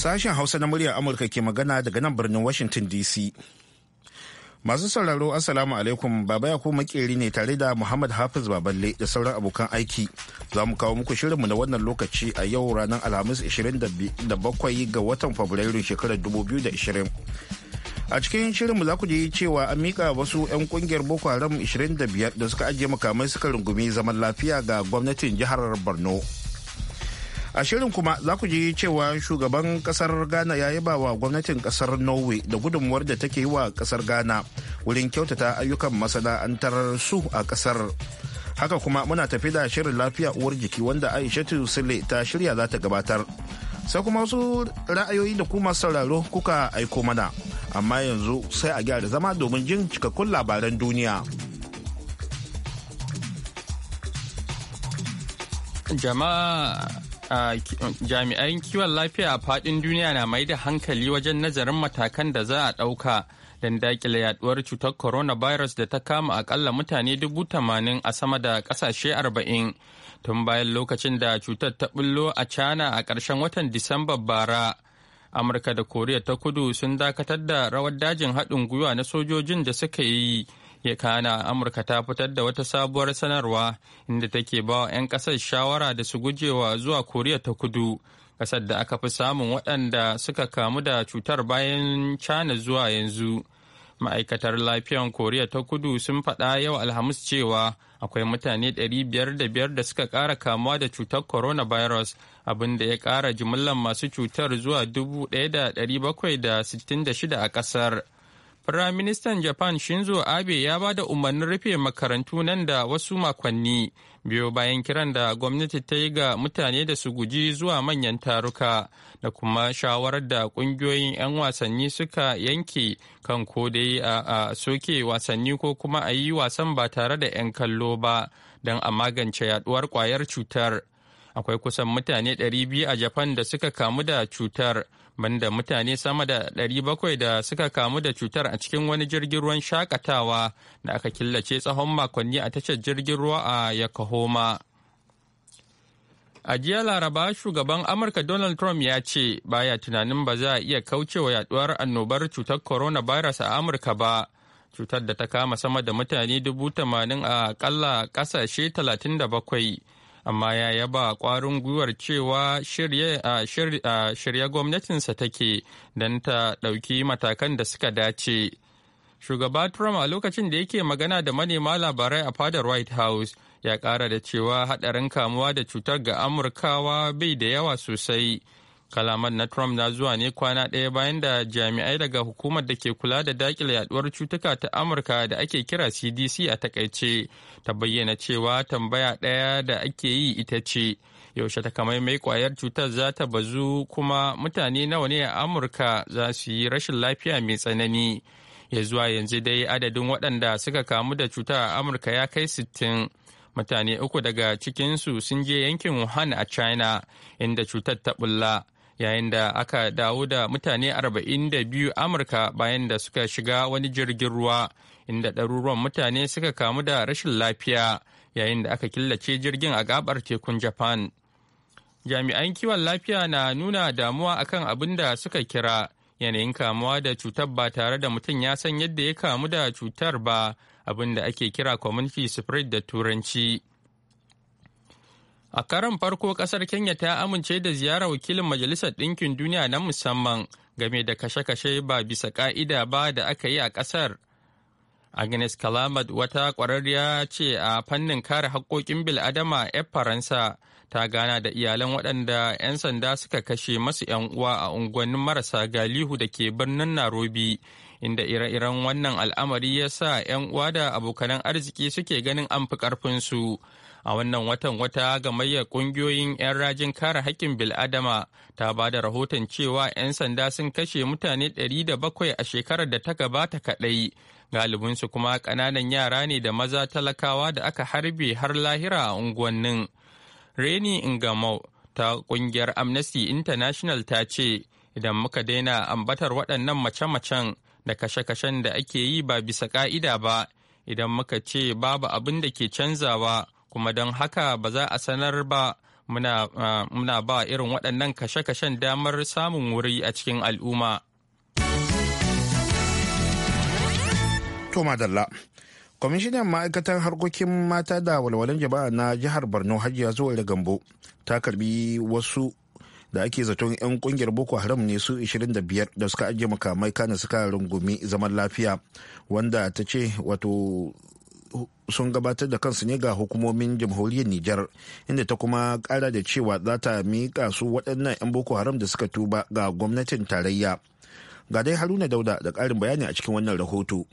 Sashen Hausa na muryar Amurka ke magana daga nan birnin Washington DC. Masu sauraro Assalamu alaikum Baba ya makeri ne tare da Muhammad Hafiz Baballe da sauran abokan aiki. Za mu kawo muku shirinmu na wannan lokaci a yau ranar Alhamis 27 ga watan Fabrairu shekarar 2020. a cikin shirinmu za ku ji cewa an mika wasu 'yan kungiyar boko haram 25 da suka ajiye makamai suka rungumi zaman lafiya ga gwamnatin jihar borno a shirin kuma za ku ji cewa shugaban kasar ghana ya yaba wa gwamnatin kasar norway da gudunmuwar da take yi wa kasar ghana wurin kyautata ayyukan masana'antar su a kasar haka kuma muna tafi da shirin lafiya uwar jiki wanda aishatu sule ta shirya za ta gabatar sai kuma wasu ra'ayoyi da kuma sauraro kuka aiko mana amma yanzu sai a gyara zama domin jin cikakkun labaran duniya jama'a jami'an kiwon lafiya a faɗin duniya na mai da hankali wajen nazarin matakan da za a ɗauka don dakile yaduwar cutar coronavirus da ta kama akalla mutane dubu tamanin a sama da ƙasashe arba'in tun bayan lokacin da cutar ta bullo a cana a ƙarshen watan disamba bara amurka da koriya ta kudu sun dakatar da rawar dajin haɗin gwiwa na sojojin da suka yi ya kana amurka ta fitar da wata sabuwar sanarwa inda take ba wa 'yan kasar shawara da su gujewa zuwa koriya ta kudu kasar da aka fi samun waɗanda suka kamu da cutar bayan cana zuwa yanzu ma'aikatar lafiyan koriya ta kudu sun faɗa yau alhamis cewa akwai mutane 505 da suka ƙara kamuwa da cutar coronavirus abin da ya ƙara jimillar masu cutar zuwa 1766 a ƙasar. Firaministan Japan Shinzo Abe ya ba da umarnin rufe makarantu nan da wasu makonni biyo bayan kiran da gwamnati ta yi ga mutane da su guji zuwa manyan taruka da kuma shawarar da kungiyoyin 'yan wasanni suka yanke kan ko dai a soke wasanni ko kuma a yi wasan ba tare da 'yan kallo ba don a magance yaduwar kwayar cutar. Akwai kusan mutane 200 a Japan da suka kamu da cutar. banda mutane sama da 700 da suka kamu da cutar a cikin wani jirgin ruwan shakatawa da aka killace tsawon makonni a tashar jirgin ruwa a Yokohama. A jiya Laraba shugaban Amurka Donald Trump ya ce baya tunanin ba za a iya kaucewa yaduwar annobar cutar corona virus a Amurka ba. Cutar da ta kama sama da mutane dubu tamanin a kalla ƙasashe 37 amma ya yaba kwarin gwiwar cewa shirye gwamnatinsa take don ta ɗauki matakan da suka dace. Shugaba Trump a lokacin da yake magana da manema labarai a fadar White House ya ƙara da cewa haɗarin kamuwa da cutar ga Amurkawa bai da yawa sosai. kalamar na Trump na zuwa ne kwana ɗaya bayan da jami'ai daga hukumar da ke kula da dakile yaduwar cutuka ta Amurka da ake kira CDC a takaice ta bayyana cewa tambaya ɗaya da ake yi ita ce yaushe takamaimai kwayar cutar za ta bazu kuma mutane nawa ne a Amurka za su yi rashin lafiya mai tsanani. Ya zuwa yanzu dai adadin waɗanda suka kamu da cutar a Amurka ya kai sittin. Mutane uku daga cikinsu sun je yankin Wuhan a China inda cutar ta bulla. yayin da aka dawo da mutane 42 amurka bayan da suka shiga wani jirgin ruwa inda ɗaruruwan mutane suka kamu da rashin lafiya yayin da aka killace jirgin a gabar tekun japan jami'an kiwon lafiya na nuna damuwa akan abin da suka kira yanayin kamuwa da cutar ba tare da mutum ya san yadda ya kamu da cutar ba abin da ake kira community spread da turanci A karon farko kasar Kenya ta amince da ziyara wakilin Majalisar Ɗinkin Duniya na musamman game da kashe-kashe ba bisa ƙa'ida ba da aka yi a ƙasar. Agnes Kalamad wata ƙwararriya ce a fannin kare haƙƙoƙin bil'adama 'yar Faransa ta gana da iyalan waɗanda 'yan sanda suka kashe masu 'yan uwa a unguwannin marasa galihu da ke birnin Nairobi. Inda ire-iren wannan al'amari ya sa 'yan uwa da abokanan arziki suke ganin an fi ƙarfinsu. su. a wannan watan wata gamayyar kungiyoyin 'yan rajin kare haƙƙin bil'adama ta ba da rahoton cewa 'yan sanda sun kashe mutane 700 a shekarar da ta gabata kaɗai galibinsu kuma ƙananan yara ne da maza talakawa da aka harbe har lahira a unguwannin reni ingamau ta ƙungiyar amnesty international ta ce idan muka daina ambatar waɗannan mace-macen da kashe-kashen da ake yi ba bisa ƙa'ida ba idan muka ce babu abin da ke canzawa kuma don haka ba za a sanar ba muna ba irin waɗannan kashe-kashen damar samun wuri a cikin al'umma. Toma Dalla Kwamishinan ma'aikatar harkokin mata da walwalan jama'a na jihar Borno Hajiya zuwa da Gambo ta karbi wasu da ake zaton 'yan kungiyar Boko Haram ne su 25 da suka ajiye makamai kana suka rungumi zaman lafiya wanda ta ce wato sun gabatar da kansu ne ga hukumomin jamhuriyar Nijar inda ta kuma kara da cewa za ta miƙa su waɗannan 'yan Boko Haram da suka tuba ga gwamnatin tarayya. Ga dai Haruna Dauda da ƙarin bayani a cikin wannan rahoto.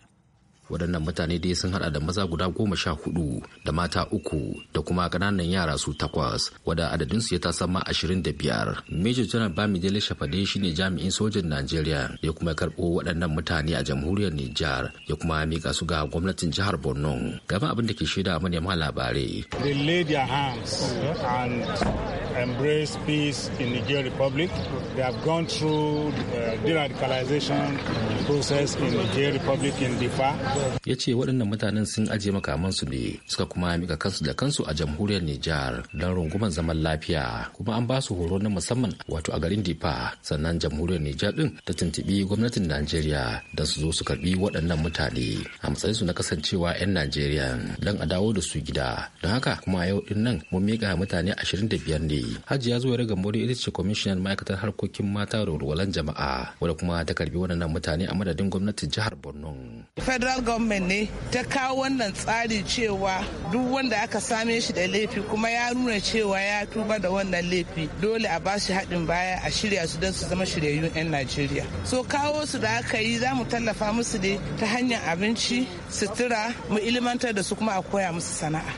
waɗannan mutane dai sun hada da maza guda goma sha hudu da mata uku da kuma ƙananan yara su takwas wadda su ya ta ma ashirin da biyar major general dele shafade shine jami'in sojan najeriya ya kuma karɓo waɗannan mutane a jamhuriyar nijar ya kuma mika su ga gwamnatin jihar borno gaba abinda ke shaida manema labarai they their hands and embrace peace in niger republic they have gone through the uh, radicalization process in niger republic in Bifa. ya ce waɗannan mutanen sun aje makamansu ne suka kuma mika kansu da kansu a jamhuriyar Nijar don rungumar zaman lafiya kuma an ba su horo na musamman wato a garin Difa sannan jamhuriyar Nijar din ta tuntubi gwamnatin Najeriya don su zo su karbi waɗannan mutane a matsayinsu na kasancewa 'yan Najeriya don a dawo da su gida don haka kuma yau din nan mun mika mutane ashirin da biyar ne Hajiya zuwa daga Mori ita ce kwamishinan ma'aikatar harkokin mata da walwalan jama'a wadda kuma ta karbi waɗannan mutane a madadin gwamnatin jihar Borno federal government ne ta kawo wannan tsari cewa duk wanda aka same shi da laifi kuma ya nuna cewa ya tuba da wannan laifi dole a ba shi haɗin baya a shirya su don su zama shiryayyun 'yan najeriya so kawo su da aka yi za mu tallafa musu ne ta hanyar abinci sutura mu ilimantar da su kuma a koya musu sana'a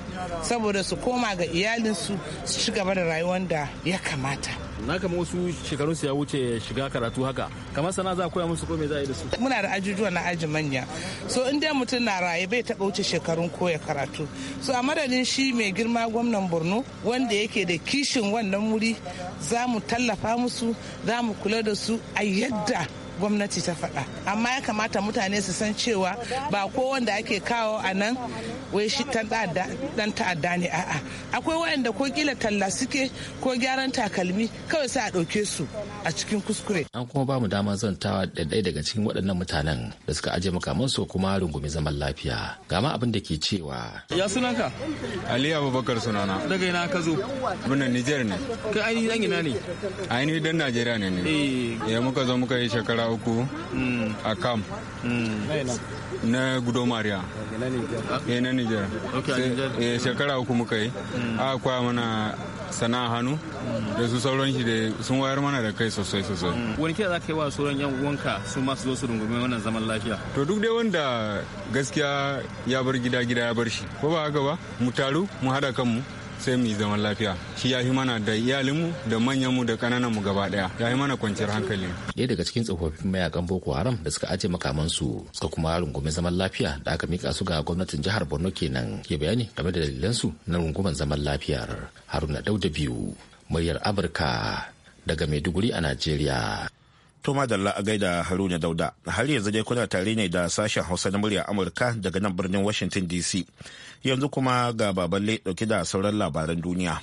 saboda su koma ga iyalinsu su ci gaba da rayuwar da ya kamata na kama wasu shekarun su ya wuce shiga karatu haka kamar sana za a koya musu ko me za a yi da su muna da ajujuwa na aji manya so in dai mutum na raye bai taɓa wuce shekarun koya karatu so a madadin shi mai girma gwamnan borno wanda yake da kishin wannan wuri za mu tallafa musu za mu kula da su a yadda gwamnati ta faɗa amma ya kamata mutane su san cewa ba ko wanda ake kawo a nan wai shi ɗan ta'adda ne a'a akwai waɗanda ko kila talla suke ko gyaran takalmi kawai sai a ɗauke su a cikin kuskure an kuma ba mu dama zantawa da ɗaya daga cikin waɗannan mutanen da suka aje makamansu kuma rungumi zaman lafiya ga ma abin da ke cewa ya sunanka ali abubakar sunana daga ina ka zo muna niger ne kai ainihin dan ina ne ainihin dan najeriya ne ne eh. ya eh, muka zo muka yi shekara uku hmm. a kam hmm. na gudo maria eh, a na nijar eh, shekara uku muka yi hmm. a kwa mana sana'a hannu da su sauran shi da sun wayar mana da kai sosai sosai wani kira za ka yi wa sauran yan uwanka su masu zo su rungume wannan zaman lafiya to duk dai wanda gaskiya ya bar gida gida ya bar shi ko ba haka ba mu taru mu hada kanmu sai mu yi zaman lafiya shi ya yi mana da iyalinmu da manyanmu da kanananmu gaba ɗaya ya yi mana kwanciyar hankali ɗaya daga cikin tsofaffin mayakan boko haram da suka ajiye makamansu suka kuma rungume zaman lafiya da aka mika su ga gwamnatin jihar borno kenan ke bayani game da dalilansu na runguman zaman lafiyar haruna dauda biyu muryar amurka daga maiduguri a najeriya To madalla a gaida Haruna Dauda. Har yanzu dai kuna tare ne da sashen Hausa na murya Amurka daga nan birnin Washington DC. Yanzu kuma ga baballe dauke da sauran labaran duniya.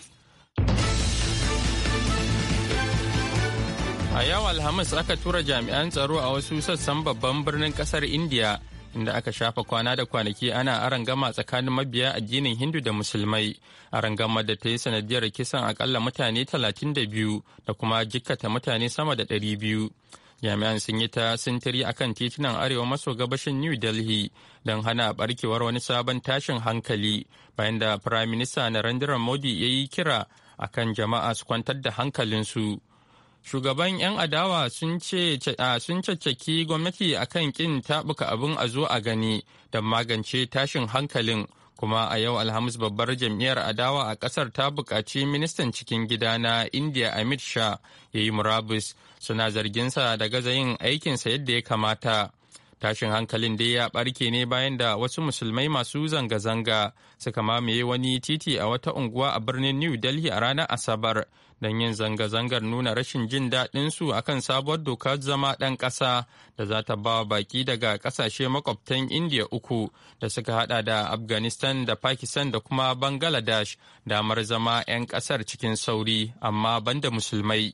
A yau Alhamis aka tura jami'an tsaro a wasu sassan babban birnin kasar India inda aka shafa kwana da kwanaki ana arangama tsakanin mabiya addinin hindu da musulmai arangama da ta yi sanadiyar kisan akalla mutane 32 da kuma jikkata mutane sama da 200 jami'an sun yi ta sintiri a kan titunan arewa maso gabashin new delhi don hana barkewar wani sabon tashin hankali bayan da prime na narendra modi ya yi kira a kan jama'a su kwantar da hankalinsu. shugaban 'yan adawa sun caccaki gwamnati akan kin tabuka abin a zo a gani don magance tashin hankalin kuma a yau alhamis babbar jam'iyyar adawa a kasar ta bukaci ministan cikin gida na india amit shah ya yi murabus suna zarginsa da gaza yin aikinsa yadda ya kamata tashin hankalin dai ya ɓarke ne bayan da wasu musulmai masu zanga-zanga suka mamaye wani titi a wata unguwa a birnin new delhi a ranar asabar don yin zanga-zangar nuna rashin jin daɗinsu a kan sabuwar dokar zama ɗan ƙasa da za ta ba baƙi daga ƙasashe makwabtan indiya uku da suka haɗa da afghanistan da pakistan da kuma bangladesh damar zama 'yan ƙasar cikin sauri amma banda musulmai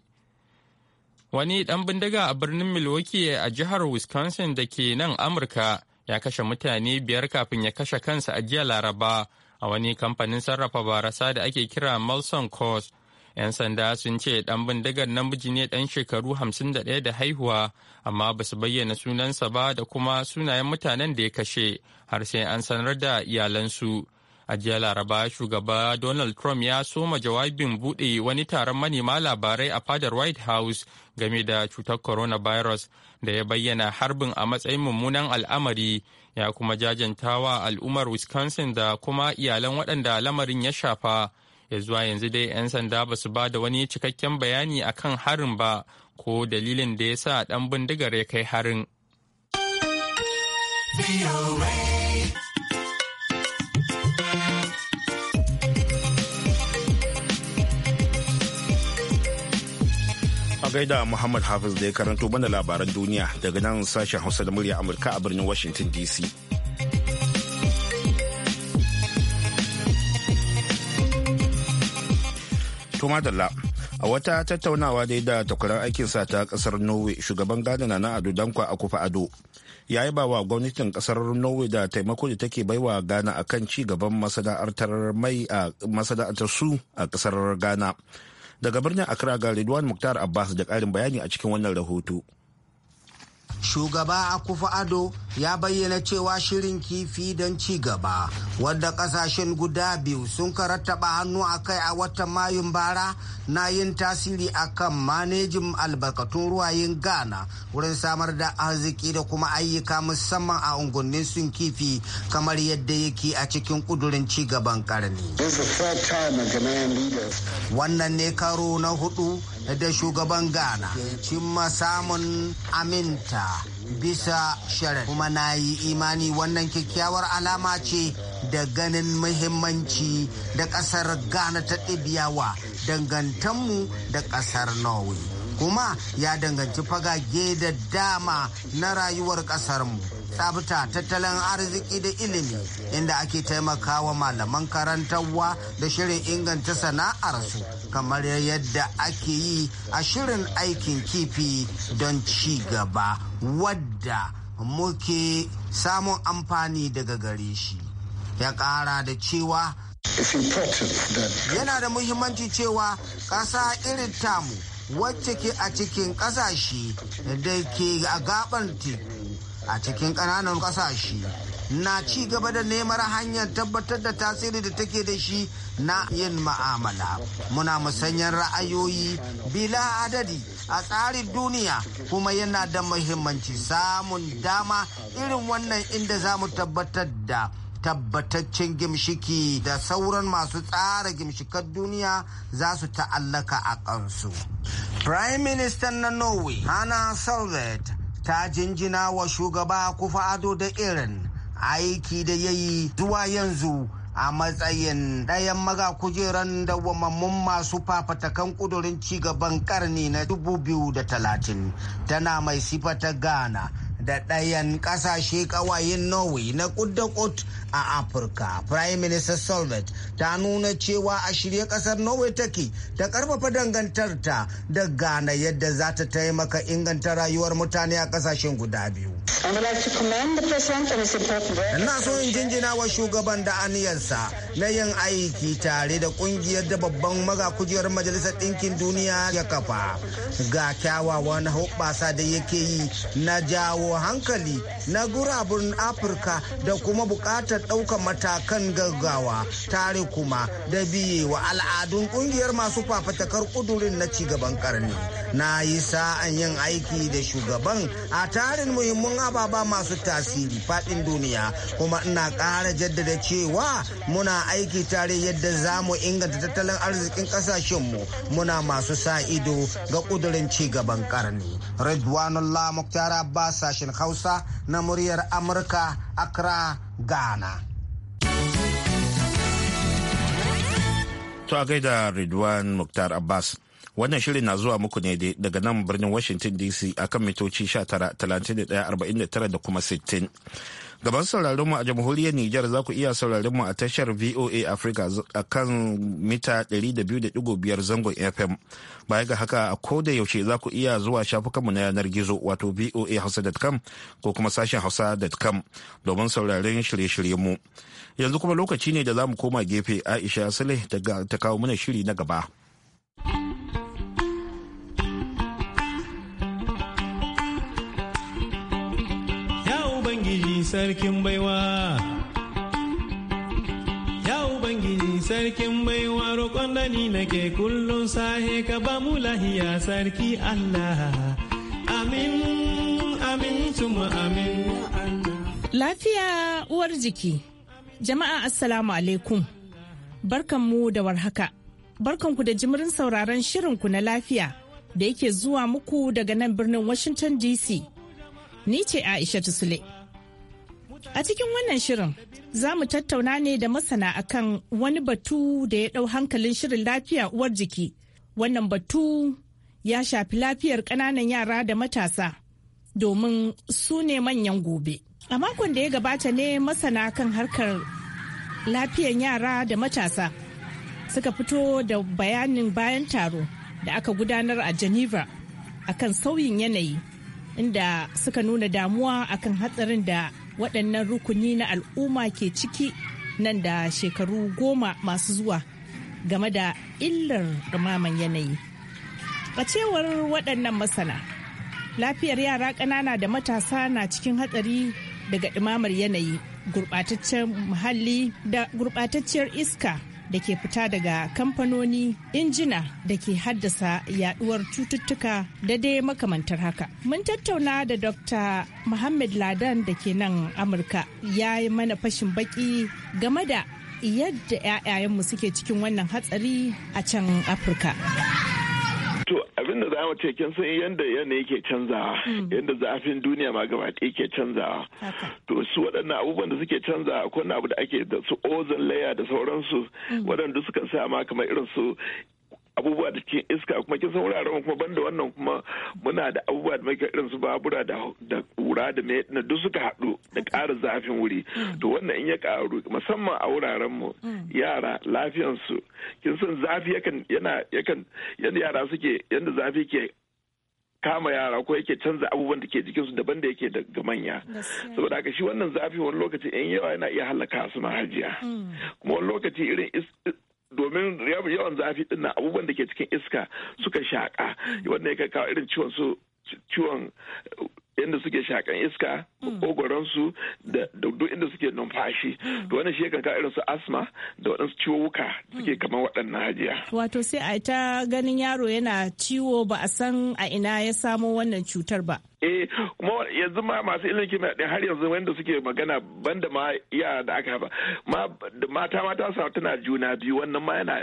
wani ɗan bindiga a birnin milwaukee a jihar wisconsin da ke nan amurka ya kashe mutane biyar kafin ya kashe kansa a jiya laraba a wani kamfanin sarrafa barasa da ake kira Molson coast. 'Yan sanda sun ce ɗan bindigar namiji ne dan shekaru 51 da haihuwa, amma ba su bayyana sunansa ba da kuma sunayen mutanen da ya kashe har sai an sanar da iyalansu. A jiya Laraba, shugaba Donald Trump ya soma jawabin bude wani taron manema labarai a fadar White House game da cutar coronavirus da ya bayyana harbin a matsayin mummunan al'amari ya kuma jajantawa al'ummar Wisconsin da kuma iyalan waɗanda lamarin ya shafa ya zuwa yanzu dai 'yan sanda ba su ba da wani cikakken bayani akan harin ba ko dalilin da ya sa ɗan bindigar ya kai harin. a gaida Muhammad Hafiz da ya karanto mana labaran duniya daga nan sashen Hausa da murya Amurka a birnin Washington DC. To madalla a wata tattaunawa dai da takwarar sa ta kasar Norway shugaban Ghana na Ado Dankwa kufa Ado ya yi bawa gwamnatin kasar Norway da taimako da take baiwa Ghana akan ci gaban masana'antar mai a masana'antar su a kasar Ghana. Daga birnin Accra ga Ridwan Muktar Abbas da ƙarin bayani a cikin wannan rahoto. shugaba a akufa ado ya bayyana cewa shirin kifi don ci gaba wadda kasashen guda biyu sun karattaba hannu a kai a watan mayun bara na yin tasiri akan manejin albarkatun ruwayen ghana wurin samar da arziki da kuma ayyuka musamman a unguwannin sun kifi kamar yadda yake a cikin kudurin cigaban karni wannan ne karo na hudu da shugaban ghana cimma samun aminta bisa sharar kuma na yi imani wannan kyakkyawar alama ce da ganin muhimmanci da kasar ghana ta ɗibiyawa dangantanmu da kasar norway kuma ya danganci fagage da dama na rayuwar ƙasarmu. tsabta tattalin arziki da ilimi inda ake taimakawa malaman karantarwa da shirin inganta sana'arsu kamar yadda ake yi a shirin aikin kifi don ci gaba wadda muke samun amfani daga gare shi ya kara da cewa yana da muhimmanci cewa ƙasa irin tamu wacce ke a cikin ƙasashe da ke a gaban teku a cikin ƙananan ƙasashe na ci gaba da nemar hanyar tabbatar da tasiri da take da shi na yin ma'amala muna musanyen ra'ayoyi bila adadi a tsarin duniya kuma yana da muhimmanci samun dama irin wannan inda za mu tabbatar da tabbataccen gimshiki da sauran masu tsara gimshikan duniya za su ta'allaka a kansu. Prime Minister na Norway, Hana Solvet, ta jinjina wa shugaba kufa ado da irin aiki da ya yi zuwa yanzu a matsayin ɗayan maga kujeran dawwamammun masu fafatakan ƙudurin cigaban karni na 2030 tana mai sifata ghana da ɗayan ƙasashe ƙawayen norway na kudakot a afirka prime minister solvet ta nuna cewa a shirye ƙasar norway take ta ƙarfafa dangantarta da ghana yadda za ta taimaka inganta rayuwar mutane a ƙasashen guda biyu Na so in jinjina wa shugaban da aniyarsa na yin aiki tare da kungiyar da babban maga magakujiyar Majalisar Ɗinkin Duniya ya kafa ga kyawawan hoɓɓasa da yake yi na jawo hankali na gurabun Afirka da kuma buƙatar ɗaukar matakan gaggawa tare kuma da biye wa al'adun kungiyar masu fafatakar ƙudurin na cigaban karni Na yi sa'an yin aiki da shugaban a tarin muhimman miyagun ababa masu tasiri faɗin duniya kuma ina kara jaddada cewa muna aiki tare yadda za mu inganta tattalin arzikin kasashenmu muna masu sa ido ga ƙudurin ci gaban ƙarni. Redwanullah Muktar Abbas sashen Hausa na muryar Amurka Accra, Ghana. To a gaida Redwan Muktar Abbas. Wannan shirin na zuwa muku ne daga nan birnin Washington DC akan mitoci 19,31,49 da kuma 60. Gaban sauraron mu a jamhuriyar Nijar za ku iya sauraron mu a tashar VOA Africa a kan mita 200.5 zangon FM. Baya ga haka a koda yaushe za ku iya zuwa shafukanmu na yanar gizo wato voa voahausa.com ko kuma sashen hausa.com domin sauraron shirye-shiryen mu. Yanzu kuma lokaci ne da za mu koma gefe Aisha Sule ta kawo mana shiri na gaba. sarkin baiwa ya ubangiji sarkin baiwa roƙon da ni nake kullum sahe ka ba mu lahiya sarki allah amin amin tumu amin lafiya uwar jiki jama'a assalamu alaikum barkanmu da warhaka barkanku da jimirin sauraron shirinku na lafiya da yake zuwa muku daga nan birnin washington dc ni ce aisha sule A cikin wannan shirin za mu tattauna ne da masana akan wani batu da ya ɗau hankalin shirin lafiya uwar jiki. Wannan batu ya shafi lafiyar ƙananan yara da matasa domin su ne manyan gobe. A makon da ya gabata ne masana kan harkar lafiyar yara da matasa suka fito da bayanin bayan taro da aka gudanar a Geneva akan sauyin yanayi inda suka nuna damuwa akan hatsarin da waɗannan rukuni na al'umma ke ciki nan da shekaru goma masu zuwa game da illar ɗumaman yanayi. A cewar waɗannan masana, lafiyar yara ƙanana da matasa na cikin hatsari daga ɗumamar yanayi, gurɓataccen muhalli da gurɓatacciyar iska da ke fita daga kamfanoni injina da ke haddasa yaduwar cututtuka da dai makamantar haka mun tattauna da dr muhammad ladan da ke nan amurka ya yi mana fashin baki game da yadda 'ya'yayenmu suke cikin wannan hatsari a can afirka ya wace kin san yadda yanayi yake canzawa hmm. yadda zafin duniya ma gaba ɗaya ke canzawa to su waɗannan abubuwan da suke canza akwai abu da ake da su ozon layer da sauransu hmm. waɗanda suka sa ma kamar irin su abubuwa da cikin iska kuma kin sauraron kuma banda wannan kuma muna da abubuwa da muke irin su babura da da kura da me duk suka haɗu da ƙara zafin wuri hmm. to wannan in ya ƙaru musamman a wuraren mu hmm. yara lafiyan su kin san zafi yakan yana yakan yanda yara suke yanda zafi ke kama yara ko yake canza abubuwan da ke jikinsu daban da yake daga manya saboda haka shi wannan zafi wani lokaci yan yawa yana iya halaka su ma hajiya hmm. kuma wani lokaci irin domin yawan zafi din abubuwan da ke cikin iska suka shaƙa wanda ya kawo irin ciwon su ciwon inda suke shakan iska mm. su da duk inda suke numfashi mm. to wannan shi yakan irin su asma da waɗansu ciwuka suke mm. kamar waɗannan hajiya wato sai a ta ganin yaro yana ciwo ba a san a ina ya samo wannan cutar ba eh kuma yanzu ma masu ilimin kimiyya din har yanzu wanda suke magana banda ma yara da aka haifa mata mata sa tana juna biyu wannan ma yana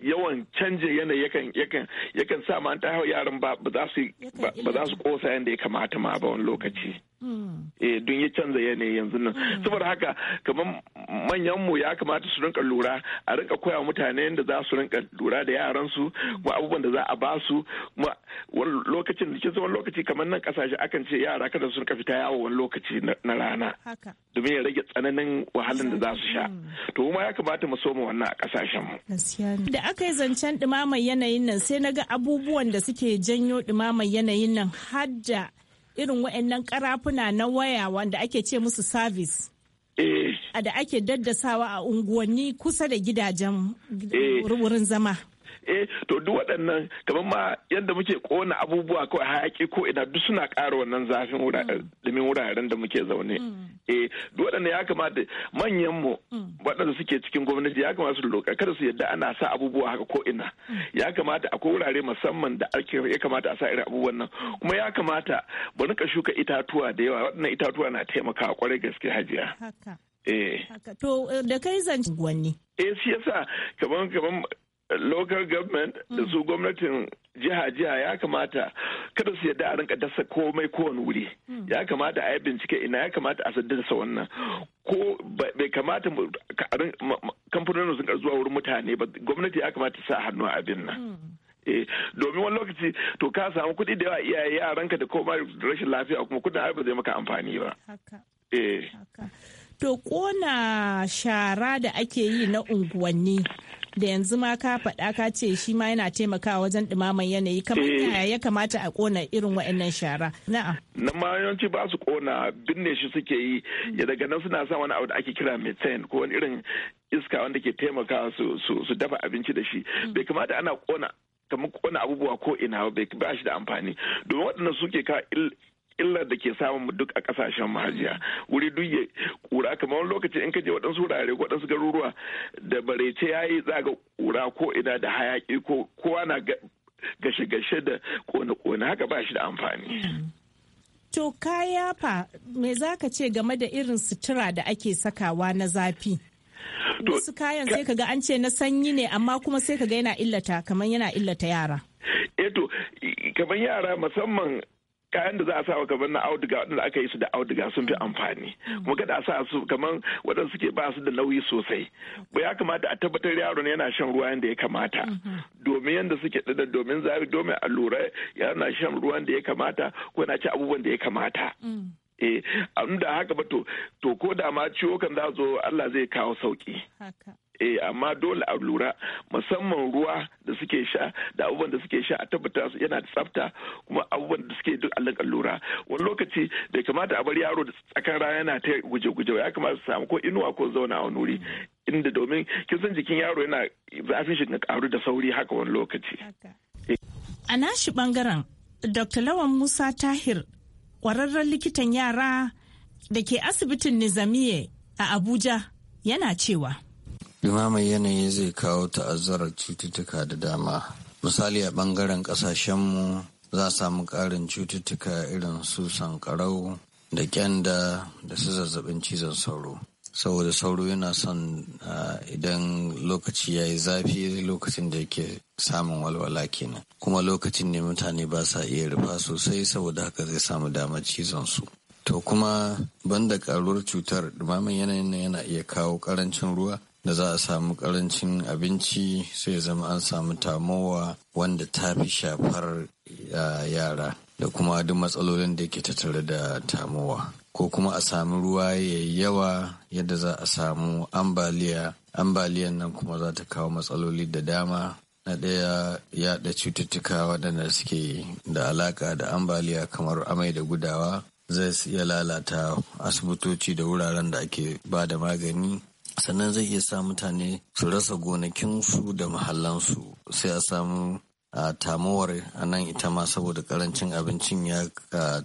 yawan canje yanayi yakan yakan yakan sa ma an ta yaran ba za su ba za su kosa yanda ya kamata ma ba wani lokaci hmm. eh don ya canza yanayi yanzu nan hmm. saboda haka kamar manyanmu ya kamata su rinka lura a rinka koya mutane yadda za su rinka lura da yaransu kuma abubuwan da za a ba su kuma lokacin da ke lokaci kamar nan kasashe akan ce yara kada su rinka fita yawo wani lokaci na rana domin ya rage tsananin wahalan da za su sha to kuma ya kamata mu so mu wannan a kasashen mu da aka yi zancen dumamar yanayin nan sai na ga abubuwan da suke janyo dumamar yanayin nan har irin waɗannan karafuna na waya wanda ake ce musu service. Eh. da ake daddasawa a unguwanni kusa da gidajen eh. wurin zama. eh to duk waɗannan kamar ma yadda muke kona abubuwa ko hayaƙi ko ina duk suna ƙara wannan zafin mm. wuraren da muke zaune mm. eh duk waɗannan ya kamata manyan mu mm. waɗanda suke cikin gwamnati ya kamata su loka kada su yadda ana sa abubuwa haka ko ina ya kamata akwai wurare musamman da ake ya kamata a sa irin abubuwan nan kuma ya kamata bari ka shuka itatuwa da yawa waɗannan itatuwa na taimakawa kwarai gaske hajiya haka Eh. To eh, da kai zance gwanni. Eh shi yasa kamar kamar eh, local government da mm. su gwamnatin jiha-jiha ya kamata kada su yadda a rinka dasa komai kowane wuri mm. ya kamata a yi bincike ina ya kamata a sa wannan ko bai kamata kamfanonin sun zuwa wurin mutane ba gwamnati ya kamata sa hannu a abin nan mm. domin wani lokaci to ka samu kuɗi da yawa iyaye yaranka da komai rashin lafiya kuma kudin ba zai maka amfani ba. To kona shara da ake yi na unguwanni da yanzu ma ka faɗa ka ce shi ma yana taimakawa wajen ɗumaman yanayi kamar eh. yaya ya kamata a kona irin wa'annan shara. Na'am. Na ma yawanci ba su kona binne shi suke yi ya daga nan suna sa wani abu da ake kira methane ko wani irin iska wanda ke taimakawa su dafa abinci da shi. Mm. Bai kamata ana kona kamar kona abubuwa ko ina ba shi da amfani domin waɗannan suke ka illar da ke samun mu duk a kasashen mahajiya wuri duk ya kura kamar wani lokaci in ka je waɗansu wurare waɗansu garuruwa da barece ya yi zaga kura ko ina da hayaki ko kowa na gashe-gashe da kone-kone haka ba shi da amfani. To kaya fa me za ka ce game da irin sutura da ake sakawa na zafi? Wasu kayan sai kaga an ce na sanyi ne amma kuma sai kaga yana illata kamar yana illata yara. Eto eh kamar yara musamman kayan da za a sawa kamar na auduga waɗanda aka yi su da auduga sun fi amfani mm. kuma kada a sa su kamar waɗanda suke ba su da nauyi sosai ba ya kamata a tabbatar yaron yana shan ruwa yadda ya kamata mm-hmm. domin yadda suke da domin zafi domin allura yana shan ruwan da ya kamata ko yana ci abubuwan da ya kamata mm. eh da haka ba to to ko da ma ciwo kan za zo Allah zai kawo sauki eh amma dole a lura musamman ruwa da suke sha da abubuwan da suke sha a tabbata yana da tsafta kuma abubuwan da suke duk allon lura wani lokaci da kamata a bar yaro da tsakan rana yana ta guje-guje ya kamata su samu ko inuwa ko zauna a wani inda domin kin san jikin yaro yana zafin shi na karu da sauri haka wani lokaci a nashi bangaren dr lawan musa tahir kwararren likitan yara da ke asibitin nizamiye a abuja yana cewa Dumamar yanayi zai kawo ta'azzarar cututtuka da dama. Misali a ɓangaren ƙasashenmu za a samu ƙarin cututtuka irin su sankarau da kyanda da su zazzabin cizon sauro. Saboda sauro yana son idan lokaci ya yi zafi lokacin da yake samun walwala kenan. Kuma lokacin ne mutane ba sa iya rufa sosai saboda haka zai samu damar cizon su. To kuma banda karuwar cutar dumamin yanayin yana iya kawo ƙarancin ruwa da za a samu karancin abinci sai zama an samu tamowa wanda ta fi shafar yara da kuma duk matsalolin da ke tattare da tamowa ko kuma a samu ruwa ya yawa yadda za a samu ambaliya ambaliyan nan kuma za ta kawo matsaloli da dama na ɗaya yaɗa cututtuka waɗanda suke da alaƙa da ambaliya kamar amai da gudawa zai iya lalata asibitoci da wuraren da ake ba da magani sannan zai iya sa mutane su rasa gonakinsu da mahallansu sai a samu a tamuwar a nan ita ma saboda karancin abincin ya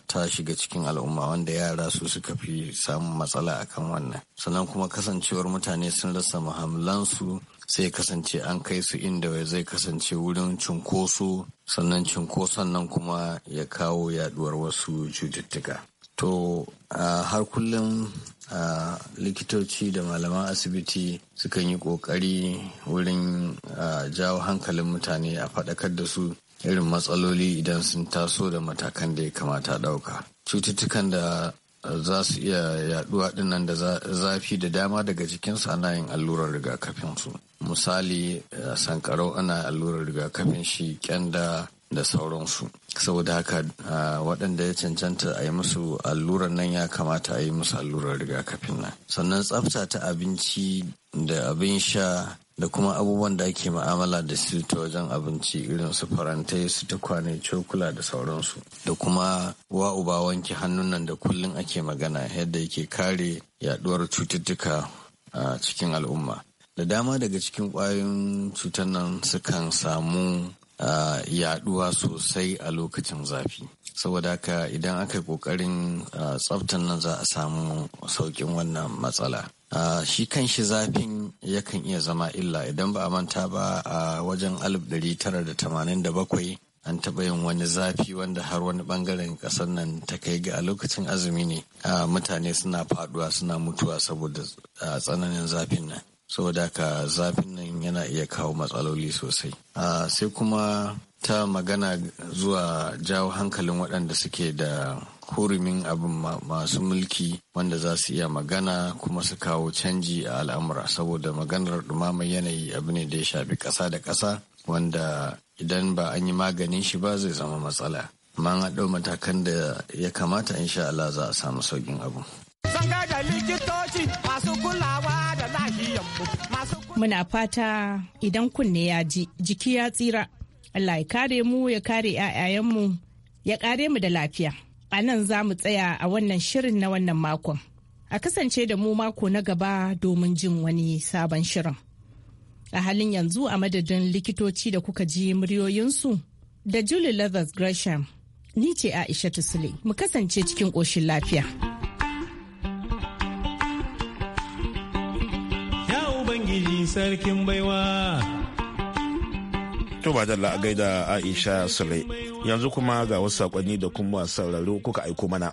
ta shiga cikin al'umma wanda yara su suka fi samun matsala akan wannan sannan kuma kasancewar mutane sun rasa muhamlansu sai kasance an kai su inda zai kasance wurin cunkoso sannan cunkoson nan kuma ya kawo yaduwar wasu cututtuka to har kullum likitoci da malaman asibiti sukan yi kokari wurin jawo hankalin mutane a faɗakar da su irin matsaloli idan sun taso da matakan da ya kamata ɗauka cututtukan da za su iya yaɗuwa dinnan da zafi da dama daga cikinsu ana yin allurar rigakafin su misali sankarau ana allurar rigakafin shi kyanda da sauransu saboda haka waɗanda ya cancanta a yi musu allurar nan ya kamata a yi musu allurar rigakafin nan sannan tsafta ta abinci da abin sha da kuma abubuwan da ake ma'amala da su ta wajen abinci irin su farantai su tukwane cokula da sauransu da kuma wa uba wanke hannun nan da kullum ake magana yadda yake kare yaduwar cututtuka a cikin al'umma da dama daga cikin kwayoyin cutar nan sukan samu yaduwa sosai a lokacin zafi saboda haka idan aka yi kokarin tsaftan nan za a samu saukin wannan matsala shi kan shi zafin yakan iya zama illa idan ba a manta ba a wajen 1987 an taɓa yin wani zafi wanda har wani ɓangaren ƙasar nan ta kai ga a lokacin azumi ne mutane suna faduwa suna mutuwa saboda tsananin zafin nan saboda ka zafin nan yana iya kawo matsaloli sosai sai kuma ta magana zuwa jawo hankalin waɗanda suke da hurumin abin masu mulki wanda za su iya magana kuma su kawo canji a al'amura saboda maganar ɗumamar yanayi abu ne da ya shafi ƙasa da ƙasa wanda idan ba an yi maganin shi ba zai zama matsala amma an haɗo matakan da ya kamata insha Allah za a samu saukin abu. Zan da likitoci masu kulawa Muna fata idan kunne ya ji, jiki ya tsira. Allah ya kare mu ya kare 'ya'yayenmu ya kare mu da lafiya. A nan za mu tsaya a wannan shirin na wannan makon. A kasance da mu mako na gaba domin jin wani sabon shirin. A halin yanzu a madadin likitoci da kuka ji muryoyinsu da Julie Leathers Gresham, ni ce Aisha Tusle, mu kasance cikin ƙoshin lafiya. sarkin baiwa. To ba da gaida Aisha Sule. Yanzu kuma ga wasu saƙonni da kuma sauraro kuka aiko mana.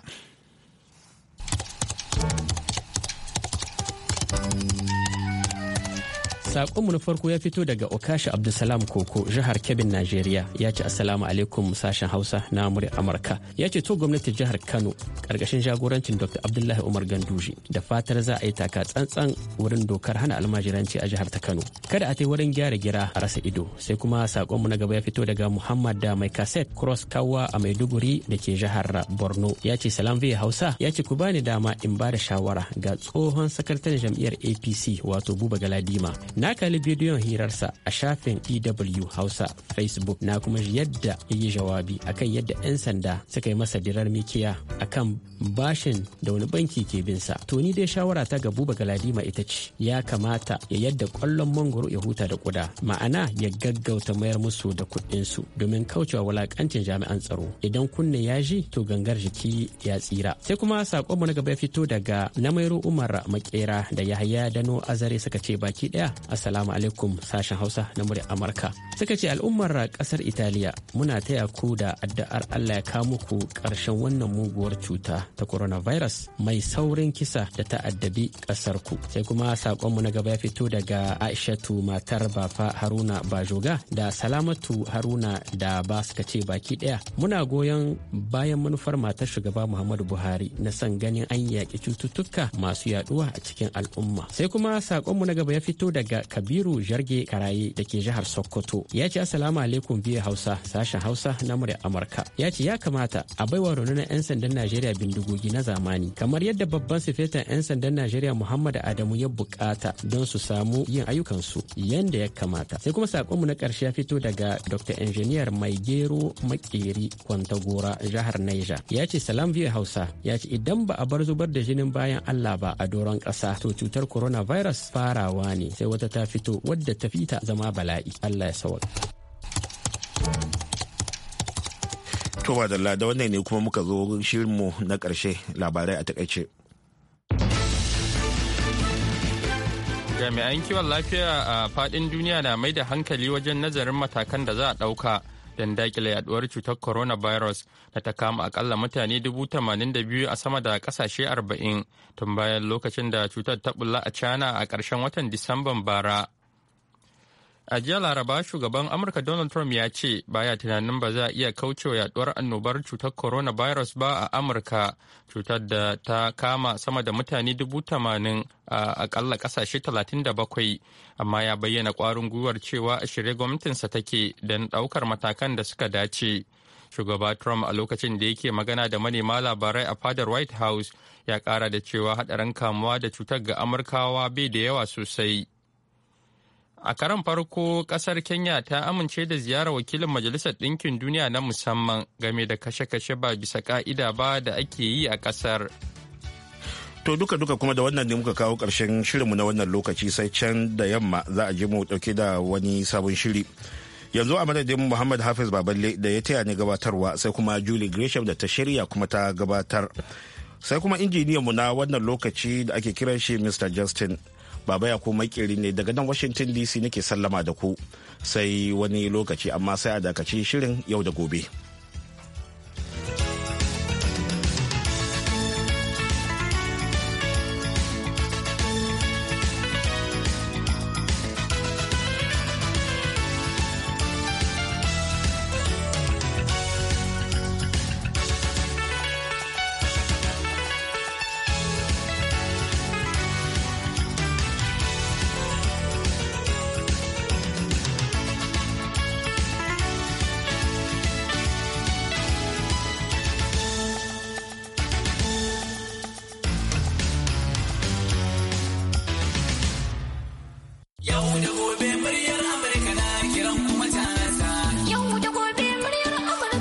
Sakonmu na farko ya fito daga Okashi Abdulsalam Koko, jihar Kebbi, Najeriya. Ya ce Assalamu alaikum sashen Hausa na muri Amurka. Ya ce to gwamnatin jihar Kano karkashin jagorancin Dr. Abdullahi Umar Ganduji da fatar za a yi taka tsantsan wurin dokar hana almajiranci a jihar ta Kano. Kada a tai wurin gyara gira a rasa ido. Sai kuma sakonmu na gaba ya fito daga Muhammad da mai kaset Cross Kawa a Maiduguri da ke jihar Borno. Ya ce salam via Hausa. Ya ce ku bani dama in ba da shawara ga tsohon sakataren jam'iyyar APC wato Buba Galadima Na kalli bidiyon hirarsa a shafin EW Hausa Facebook na kuma yadda ya yi jawabi akan yadda 'yan sanda suka yi masa dirar mikiya akan bashin da wani banki ke binsa. To ni dai shawara ta ga Buba Galadima ita ce ya kamata ya yadda kwallon mangoro ya huta da kuda ma'ana ya gaggauta mayar musu da kuɗinsu domin kaucewa wulakancin jami'an tsaro idan kunne ya ji to gangar jiki ya tsira sai kuma sakonmu na gaba ya fito daga na mairo umar makera da yahaya dano azare suka ce baki ɗaya. assalamu alaikum sashen hausa na murya amurka suka ce al'ummar kasar italiya muna taya ku da addu'ar allah ya kawo muku ƙarshen wannan muguwar cuta ta coronavirus mai saurin kisa da ta addabi kasar ku sai kuma sakonmu na gaba ya fito daga aishatu matar bafa haruna bajoga da salamatu haruna da ba suka ce baki ɗaya. muna goyon bayan manufar matar shugaba muhammadu buhari na san ganin an yaƙi cututtuka masu yaduwa a cikin al'umma sai kuma sakonmu na gaba ya fito daga kabiru jarge karaye da ke jihar sokoto ya ce assalamu alaikum biya hausa sashen hausa na murya amurka ya ce ya kamata a baiwa rundunar 'yan sandan najeriya bindigogi na zamani kamar yadda babban sifetan 'yan sandan najeriya muhammad adamu ya bukata don su samu yin ayyukansu yadda ya kamata sai kuma sakonmu na karshe ya fito daga dr injiniyar mai gero makeri kwantagora jihar naija ya ce salam biyar hausa ya ce idan ba a bar zubar da jinin bayan allah ba a doron ƙasa to cutar coronavirus farawa ne sai wata ta fito wadda ta fita zama bala'i Allah ya sawar. To ba da wannan ne kuma muka zo shirinmu na ƙarshe labarai a takaice. Jami'an kiwon lafiya a faɗin duniya na mai da hankali wajen nazarin matakan da za a ɗauka don dakile yaduwar cutar coronavirus da ta kama akalla mutane 82,000 a sama da kasashe 40 tun bayan lokacin da cutar ta bulla a china a ƙarshen watan disamban bara. A jiya Laraba shugaban Amurka Donald Trump ya ce baya tunanin ba za a iya kaucewa yaduwar annobar cutar coronavirus ba a Amurka, cutar da ta kama sama da mutane dubu tamanin a akalla kasashe bakwai amma ya bayyana kwarin gwiwar cewa a shirye gwamnatinsa take don daukar matakan da suka dace. Shugaba Trump a lokacin da yake magana da manema labarai a fadar White House ya kara da cewa haɗarin kamuwa da cutar ga Amurkawa bai da yawa sosai. A karan farko, ƙasar Kenya ta amince da ziyarar wakilin Majalisar Ɗinkin Duniya na musamman game da kashe-kashe ba bisa ƙa'ida ba da ake yi a ƙasar. To duka-duka kuma da wannan ne muka kawo ƙarshen shirinmu na wannan lokaci sai can da yamma za a je mu ɗauke da wani sabon shiri. yanzu a madadin muhammad hafiz baballe da ya taya ni gabatarwa sai kuma julie gresham da ta shirya kuma ta gabatar sai kuma injiniyanmu na wannan lokaci da ake kiran shi mr justin baba ya ko kiri ne daga nan washington dc nake sallama da ku sai wani lokaci amma sai a dakaci shirin yau da gobe.